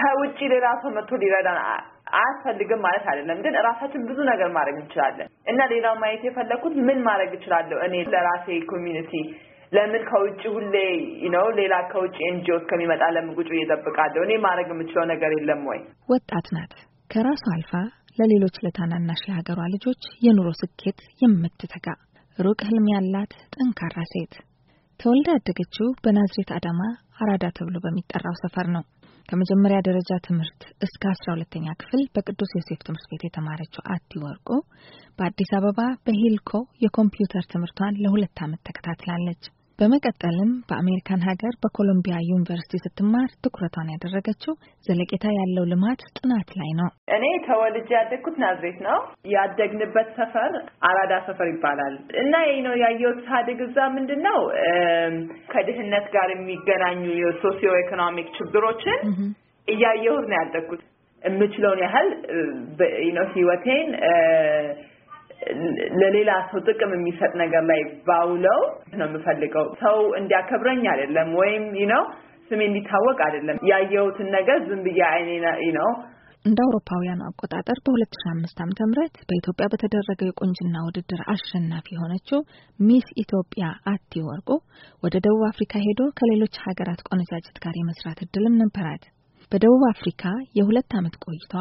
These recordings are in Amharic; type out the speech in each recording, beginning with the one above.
ከውጭ ሌላ ሰው መጥቶ ሊረዳን አያስፈልግም ማለት አይደለም፣ ግን ራሳችን ብዙ ነገር ማድረግ እንችላለን እና ሌላው ማየት የፈለግኩት ምን ማድረግ እችላለሁ እኔ ለራሴ ኮሚዩኒቲ ለምን ከውጭ ሁሌ ነው ሌላ ከውጭ ኤንጂኦስ ከሚመጣ ለምን ቁጭ እየጠብቃለሁ? እኔ ማድረግ የምችለው ነገር የለም ወይ? ወጣት ናት ከራሷ አልፋ ለሌሎች ለታናናሽ የሀገሯ ልጆች የኑሮ ስኬት የምትተጋ ሩቅ ህልም ያላት ጠንካራ ሴት። ተወልዳ ያደገችው በናዝሬት አዳማ አራዳ ተብሎ በሚጠራው ሰፈር ነው። ከመጀመሪያ ደረጃ ትምህርት እስከ አስራ ሁለተኛ ክፍል በቅዱስ ዮሴፍ ትምህርት ቤት የተማረችው አቲ ወርቆ በአዲስ አበባ በሂልኮ የኮምፒውተር ትምህርቷን ለሁለት ዓመት ተከታትላለች። በመቀጠልም በአሜሪካን ሀገር በኮሎምቢያ ዩኒቨርሲቲ ስትማር ትኩረቷን ያደረገችው ዘለቄታ ያለው ልማት ጥናት ላይ ነው። እኔ ተወልጄ ያደግኩት ናዝሬት ነው። ያደግንበት ሰፈር አራዳ ሰፈር ይባላል እና ይህ ነው ያየሁት ሳድግ እዛ ምንድን ነው ከድህነት ጋር የሚገናኙ የሶሲዮ ኢኮኖሚክ ችግሮችን እያየሁት ነው ያደግኩት። የምችለውን ያህል ነው ህይወቴን ለሌላ ሰው ጥቅም የሚሰጥ ነገር ላይ ባውለው ነው የምፈልገው። ሰው እንዲያከብረኝ አይደለም ወይም ነው ስሜ እንዲታወቅ አይደለም። ያየሁትን ነገር ዝም ብዬ አይኔ ነው እንደ አውሮፓውያን አቆጣጠር በ2005 ዓ.ም በኢትዮጵያ በተደረገው የቁንጅና ውድድር አሸናፊ የሆነችው ሚስ ኢትዮጵያ አቲ ወርቁ ወደ ደቡብ አፍሪካ ሄዶ ከሌሎች ሀገራት ቆነጃጀት ጋር የመስራት እድልም ነበራት። በደቡብ አፍሪካ የሁለት ዓመት ቆይቷ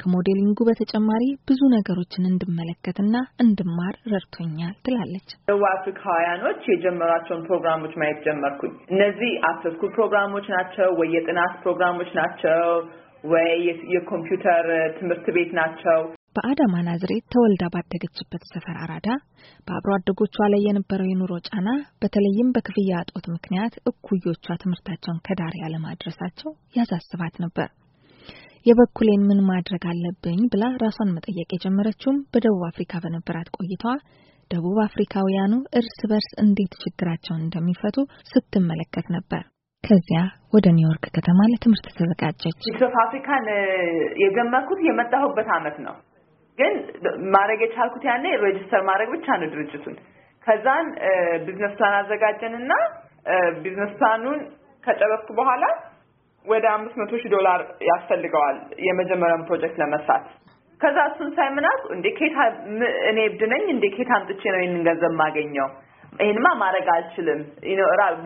ከሞዴሊንጉ በተጨማሪ ብዙ ነገሮችን እንድመለከትና እንድማር ረድቶኛል ትላለች። ደቡብ አፍሪካውያኖች የጀመሯቸውን ፕሮግራሞች ማየት ጀመርኩኝ። እነዚህ አፍተር ስኩል ፕሮግራሞች ናቸው ወይ የጥናት ፕሮግራሞች ናቸው ወይ የኮምፒውተር ትምህርት ቤት ናቸው በአዳማ ናዝሬት ተወልዳ ባደገችበት ሰፈር አራዳ በአብሮ አደጎቿ ላይ የነበረው የኑሮ ጫና በተለይም በክፍያ እጦት ምክንያት እኩዮቿ ትምህርታቸውን ከዳር ያለማድረሳቸው ያሳስባት ነበር። የበኩሌን ምን ማድረግ አለብኝ ብላ ራሷን መጠየቅ የጀመረችውም በደቡብ አፍሪካ በነበራት ቆይታዋ ደቡብ አፍሪካውያኑ እርስ በርስ እንዴት ችግራቸውን እንደሚፈቱ ስትመለከት ነበር። ከዚያ ወደ ኒውዮርክ ከተማ ለትምህርት ተዘጋጀች። ሚስ አፍሪካን የጀመርኩት የመጣሁበት አመት ነው። ግን ማድረግ የቻልኩት ያኔ ሬጅስተር ማድረግ ብቻ ነው ድርጅቱን። ከዛን ቢዝነስ ፕላን አዘጋጀንና ቢዝነስ ፕላኑን ከጨረስኩ በኋላ ወደ አምስት መቶ ሺህ ዶላር ያስፈልገዋል የመጀመሪያውን ፕሮጀክት ለመስራት። ከዛ እሱን ሳይምናት እንደ ኬታ እኔ እብድ ነኝ እንዴ ኬታ አምጥቼ ነው ይህንን ገንዘብ ማገኘው? ይህንማ ማድረግ አልችልም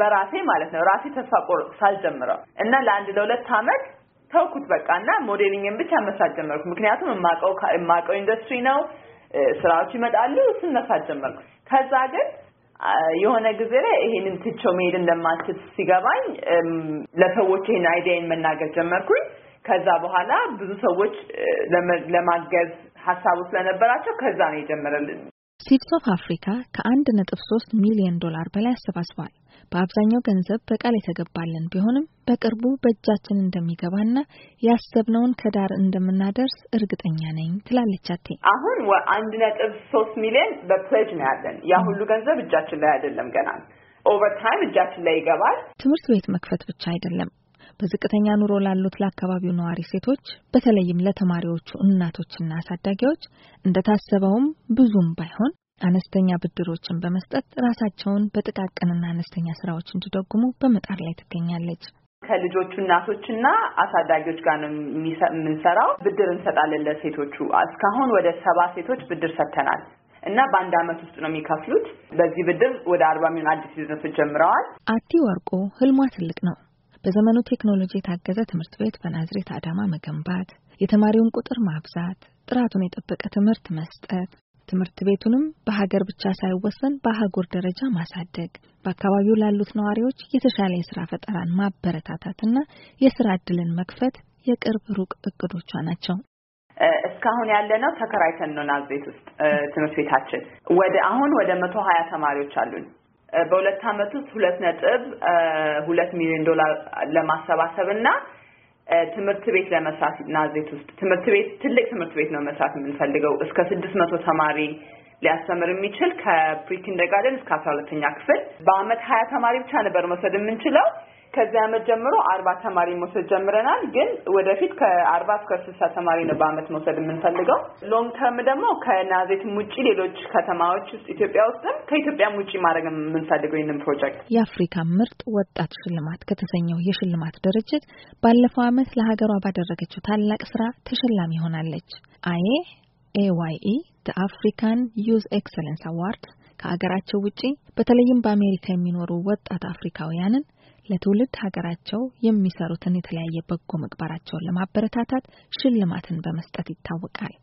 በራሴ ማለት ነው። ራሴ ተስፋ ቆርጥ ሳልጀምረው እና ለአንድ ለሁለት አመት ተውኩት በቃ እና ሞዴሊንግን ብቻ መስራት ጀመርኩ። ምክንያቱም የማውቀው የማውቀው ኢንዱስትሪ ነው፣ ስራዎች ይመጣሉ፣ እሱን መስራት ጀመርኩ። ከዛ ግን የሆነ ጊዜ ላይ ይሄንን ትቼው መሄድ እንደማችል ሲገባኝ ለሰዎች ይሄን አይዲያን መናገር ጀመርኩኝ። ከዛ በኋላ ብዙ ሰዎች ለማገዝ ሀሳቡ ስለነበራቸው ከዛ ነው የጀመረልን ሲድስ ኦፍ አፍሪካ ከ1.3 ሚሊዮን ዶላር በላይ አሰባስቧል። በአብዛኛው ገንዘብ በቃል የተገባልን ቢሆንም በቅርቡ በእጃችን እንደሚገባና ያሰብነውን ከዳር እንደምናደርስ እርግጠኛ ነኝ ትላለች አቴ። አሁን አንድ ነጥብ ሶስት ሚሊዮን በፕሌጅ ነው ያለን። ያ ሁሉ ገንዘብ እጃችን ላይ አይደለም ገና ኦቨር ታይም እጃችን ላይ ይገባል። ትምህርት ቤት መክፈት ብቻ አይደለም በዝቅተኛ ኑሮ ላሉት ለአካባቢው ነዋሪ ሴቶች በተለይም ለተማሪዎቹ እናቶችና አሳዳጊዎች እንደታሰበውም ብዙም ባይሆን አነስተኛ ብድሮችን በመስጠት ራሳቸውን በጥቃቅንና አነስተኛ ስራዎች እንዲደጉሙ በመጣር ላይ ትገኛለች። ከልጆቹ እናቶችና አሳዳጊዎች ጋር ነው የምንሰራው። ብድር እንሰጣለን ለሴቶቹ። እስካሁን ወደ ሰባ ሴቶች ብድር ሰጥተናል እና በአንድ አመት ውስጥ ነው የሚከፍሉት። በዚህ ብድር ወደ አርባ ሚሊዮን አዲስ ቢዝነሶች ጀምረዋል። አቲ ወርቆ ህልሟ ትልቅ ነው። በዘመኑ ቴክኖሎጂ የታገዘ ትምህርት ቤት በናዝሬት አዳማ መገንባት፣ የተማሪውን ቁጥር ማብዛት፣ ጥራቱን የጠበቀ ትምህርት መስጠት፣ ትምህርት ቤቱንም በሀገር ብቻ ሳይወሰን በአህጉር ደረጃ ማሳደግ፣ በአካባቢው ላሉት ነዋሪዎች የተሻለ የስራ ፈጠራን ማበረታታትና የስራ እድልን መክፈት የቅርብ ሩቅ እቅዶቿ ናቸው። እስካሁን ነው ተከራይተን ነው ናዝሬት ውስጥ ትምህርት ቤታችን። ወደ አሁን ወደ መቶ ሀያ ተማሪዎች አሉን። በሁለት ዓመት ውስጥ ሁለት ነጥብ ሁለት ሚሊዮን ዶላር ለማሰባሰብ እና ትምህርት ቤት ለመስራት ናዝሬት ውስጥ ትምህርት ቤት ትልቅ ትምህርት ቤት ነው መስራት የምንፈልገው እስከ ስድስት መቶ ተማሪ ሊያስተምር የሚችል ከፕሪኪንደርጋርደን እስከ አስራ ሁለተኛ ክፍል በአመት ሀያ ተማሪ ብቻ ነበር መውሰድ የምንችለው ከዚህ ዓመት ጀምሮ አርባ ተማሪ መውሰድ ጀምረናል። ግን ወደፊት ከአርባ እስከ ስልሳ ተማሪ ነው በአመት መውሰድ የምንፈልገው። ሎንግ ተርም ደግሞ ከናዝሬትም ውጭ ሌሎች ከተማዎች ውስጥ ኢትዮጵያ ውስጥም ከኢትዮጵያም ውጭ ማድረግ የምንፈልገው ይህንን ፕሮጀክት። የአፍሪካ ምርጥ ወጣት ሽልማት ከተሰኘው የሽልማት ድርጅት ባለፈው አመት ለሀገሯ ባደረገችው ታላቅ ስራ ተሸላሚ ሆናለች። አዬ ኤዋይኢ አፍሪካን ዩዝ ኤክሰለንስ አዋርድ ከሀገራቸው ውጪ በተለይም በአሜሪካ የሚኖሩ ወጣት አፍሪካውያንን ለትውልድ ሀገራቸው የሚሰሩትን የተለያየ በጎ ምግባራቸውን ለማበረታታት ሽልማትን በመስጠት ይታወቃል።